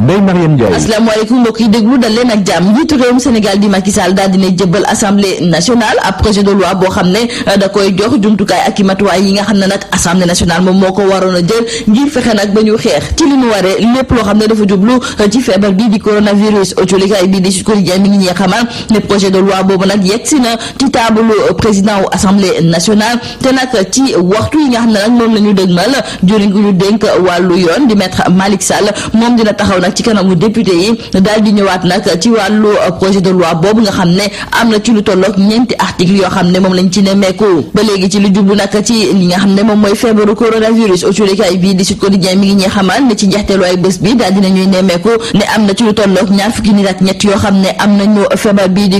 Ndeye Mariam Ndiaye asalaamaaleykum mbokk déglu dal leen ak jàmm njiitu réewum Sénégal di Macky Sall daal dina jëbbal assemblée nationale ab projet boo xam ne euh, da koy jox jumtukaay ak i matuwaay yi nga xam ne nag assemblée nationale moom moo ko waroon a jël ngir fexe nag ba ñu xeex ci li ñu waree lépp loo xam ne dafa jublu euh, ci feebar bi di coronavirus autolikaay bi di Sud Quotidien mi ngi ñee xamal ne projet de loi boobu nag yegg si na ci taabalu euh, président wu assemblée nationale te nag ci waxtu yi nga xam ne nag moom la ñu dëgmal jëriñ ñu dénk wàllu yoon di maître Malick Sall moom dina taxaw nag ci kanamu député yi daal di ñëwaat nag ci wàllu projet de loi boobu nga xam ne am na ci lu tolloog ñeenti article yoo xam ne moom lañ ci nemmeeku mooy feebaru coronavirus autorité bi di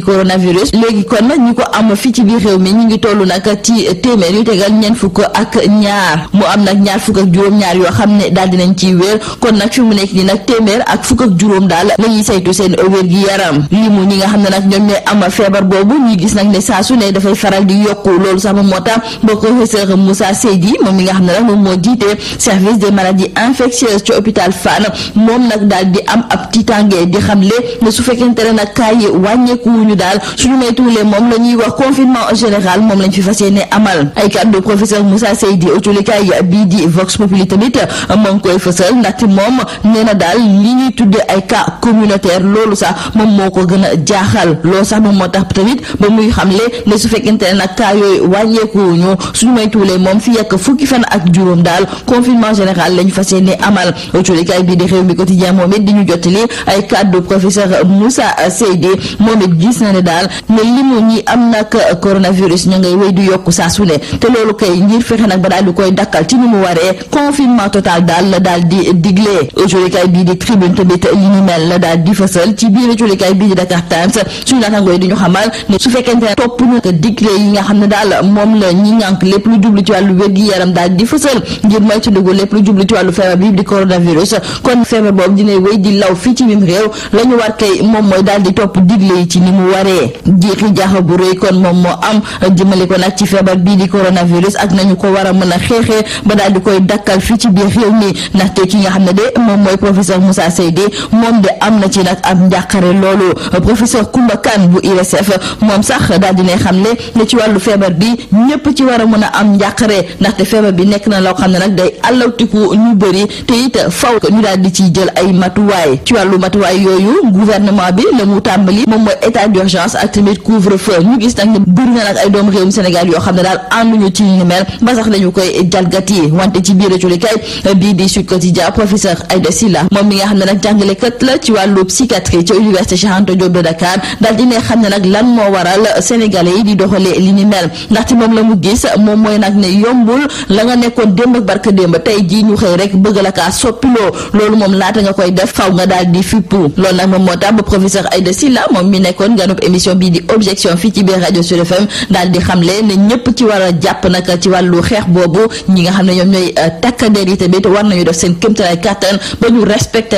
ñu ko am fii ci biir réew mi ñu ngi toll nag ci téeméer yu tegal ñeent fukk ak ñaar mu am nag ñaar fukk ak juróom-ñaar yoo xam ne daal dinañ ciy wéer kon nag fi mu nekk nii nag téeméer téeméer ak fukk ak juróom daal la saytu seen wér gi yaram limu ñi nga xam ne nag ñoom ñooy am feebar boobu ñu gis nag ne saa su ne dafay faral di yokku loolu sax moom moo tax ba professeur Moussa Seydi moom mi nga xam ne nag moom moo jiite service des maladies infectieuses ci daal di am ab tiitange di xamle ne su fekkente ne nag kaay yi wàññeekuwuñu daal suñu moytuwulee moom la ñuy wax confinement en général moom lañ fi fas amal ay kàddu professeur Moussa Seydi autolikaay bii di Vox Populi tamit moo koy fësal ndaxte moom nee na daal li ñuy tuddee ay cas communautaire loolu sax moom moo ko gën a jaaxal loolu sax moom moo tax tamit ba muy xamle ne su fekkente ne nag cas yooyu wàññeekuwuñu suñu moytuwulee moom fi yekk fukki fan ak juróom daal confinement général lañ fa yéene amal coolikaay bii di réew mi quotidien moom it di ñu jottali ay kàddu professeur Moussa Seydi moom it gis na ne daal ne limu ñi am nag coronavirus ñu ngay wéy di yokku saa su ne te loolu kay ngir fexe nag ba daal di koy dakkal ci ni mu waree confinement daal la daal di diglee moom tamit li ni mel la daal di fësal ci biir julikaay bii di Dakar Times suñu naataangoo yi di ñu xamal ne su fekkente ne topp ñu ko digle yi nga xam ne daal moom la ñi ñànk lépp lu jublu ci wàllu wér gi coronavirus ak nañu ko war a mën a xeexee ba daal di koy dakkal fii ci biir réew mi ndaxte ki nga xam ne de moom mooy professeur Moussa Moussa Seydi moom de am na ci nag am njàqare loolu professeur Koumba Kane bu IRSF moom sax daal dinay xam ne ne ci wàllu feebar bi ñëpp ci war a mën a am njàqare ndaxte feebar bi nekk na loo xam ne nag day allawtiku ñu bëri te it faw ñu daal di ciy jël ay matuwaay ci wàllu matuwaay yooyu gouvernement bi la mu tàmbali moom mooy état d'urgence ak tamit couvre-feu ñu gis nag ne bëri na nag ay doomu réewum Sénégal yoo xam ne daal ànduñu ci ñu mel ba sax dañu koy jalgati a culikay bii di xam ne nag jàngalekat la ci wàllu psychiatrie ci université Cheikh Anta Diop de Dakar daal di ne xam ne nag lan moo waral sénégalais yi di doxalee li ni mel ndaxte moom la mu gis moom mooy nag ne yombul la nga nekkoon démb ak barka démb tey jii ñu xëy rek bëgg la kaa soppiloo loolu moom laata nga koy def faw nga daal di fippu loolu nag moom moo tax ba professeur Aïda Sylla moom mi nekkoon ganub émission bii di objection fii ci biir rajo Sud FM daal di xamle ne ñëpp ci war a jàpp nag ci wàllu xeex boobu ñi nga xam ne ñoom ñooy takkader yi tamit war nañu def seen kéemtalaay kàttan ba ñu respecté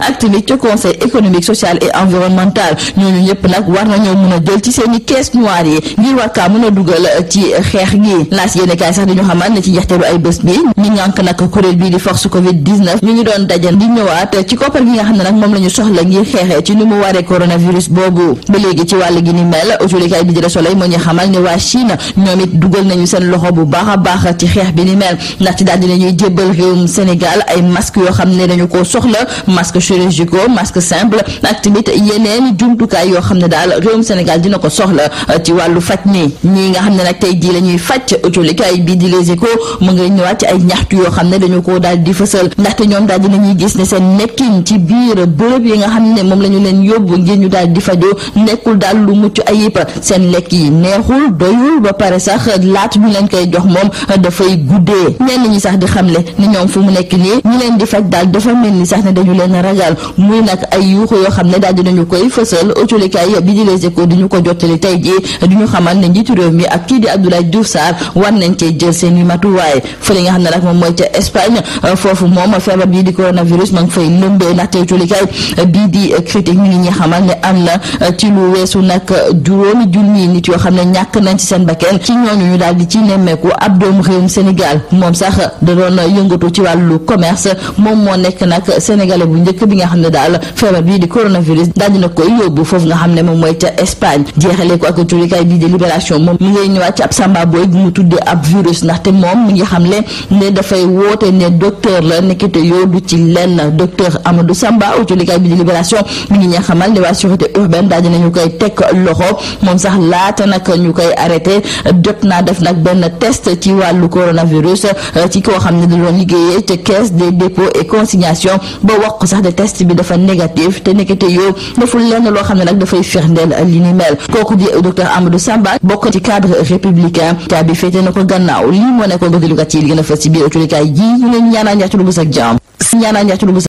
activiste ca conseil économique social et environnemental ñooñu ñëpp nag war na ñoo mun a jël ci seen i caisse yi ngir war kaa a dugal ci xeex gi laas yéene kaay sax dañu xamal ne ci njeexteelu ay bés bi ñi ngànk nag kuréel bii di force covid 19 ñu ngi doon dajan di ñëwaat ci koppar gi nga xam ne nag moom la ñu soxla ngir xeexee ci ni mu waree coronavirus boobu ba léegi ci wàll gi ni mel aujolikay bi di la soleil moo ñu xamal ne waa Chine ñoom it dugal nañu seen loxo bu baax a baax ci xeex bi ni mel ndax ci daal dinañuy jébbal réewum Sénégal ay masque yoo xam ne dañu koo soxla masque chirurgicaux masque simple ak yeneen jumtukaay yoo xam ne daal réewum Sénégal dina ko soxla euh, ci wàllu faj nii nga xam ne nag tey jii la ñuy faj colikaay bii di Les mu ngi ñëwaat ci ay ñaxtu yoo xam ne dañu ko daal di fësal ndaxte ñoom daal dinañuy gis ne seen nekkin ci biir bërëb yi nga xam ne moom la ñu leen yóbbu ngir ñu daal di fajoo nekkul daal lu mucc ayib seen lekk yi neexul doyul ba pare sax laat ñu leen koy jox moom dafay guddee ñenn ñi sax di xamle ni ñoom fu mu nekk nii ñu leen di faj daal dafa mel Sénégal muy nag ay yuuxu yoo xam ne daal dinañu koy fësal autolikaay bi di les échos di ñu ko jottali tey jii di ñu xamal ne njiitu réew mi ak kii di Abdoulaye Diouf Sarr war nañ cee i matuwaay fële nga xam ne nag moom mooy Espagne euh, foofu moom feebar bii di coronavirus ma ngi fay lëmbee euh, ci lu weesu nag juróomi junni nit yoo xam ne ñàkk nañ ci seen bakkan ci ñooñu ñu daal ci nemmeeku ab doomu réewum Sénégal moom sax da yëngatu ci wàllu commerce moom moo nekk nag sénégalais bu njëkk bi nga xam ne daal feebar bii di coronavirus daal dina koy yóbbu foofu nga xam ne moom mooy ca Espagne jeexalee ko ak turikaay bii di libération moom mi ngay ñëwaat ci ab samba booy bu mu tuddee ab mi ngi xam le ne dafay woote ne docteur la nekkite yoodu ci lenn docteur Amadou Samba turikaay bii di libération ngi ña xamal ne waa sûreté urbaine daal dinañu koy teg loxo moom sax laata nag ñu koy arrêté jot naa def nag benn test ci wàllu coronavirus ci koo xam ne da doon liggéeyee ca caisse des dépôts test bi dafa négatif te nekkite yow deful lenn loo xam ne nag dafay firndeel li kooku di docteur Amadou Samba bokk ci cadre républicain taa bi féete na ko gannaaw lii moo nekkoon bëgg lukat yi li gën a fës biir autolikaay ji ñu leen lu bu sak jaam ñaanaa njaxtu lu bu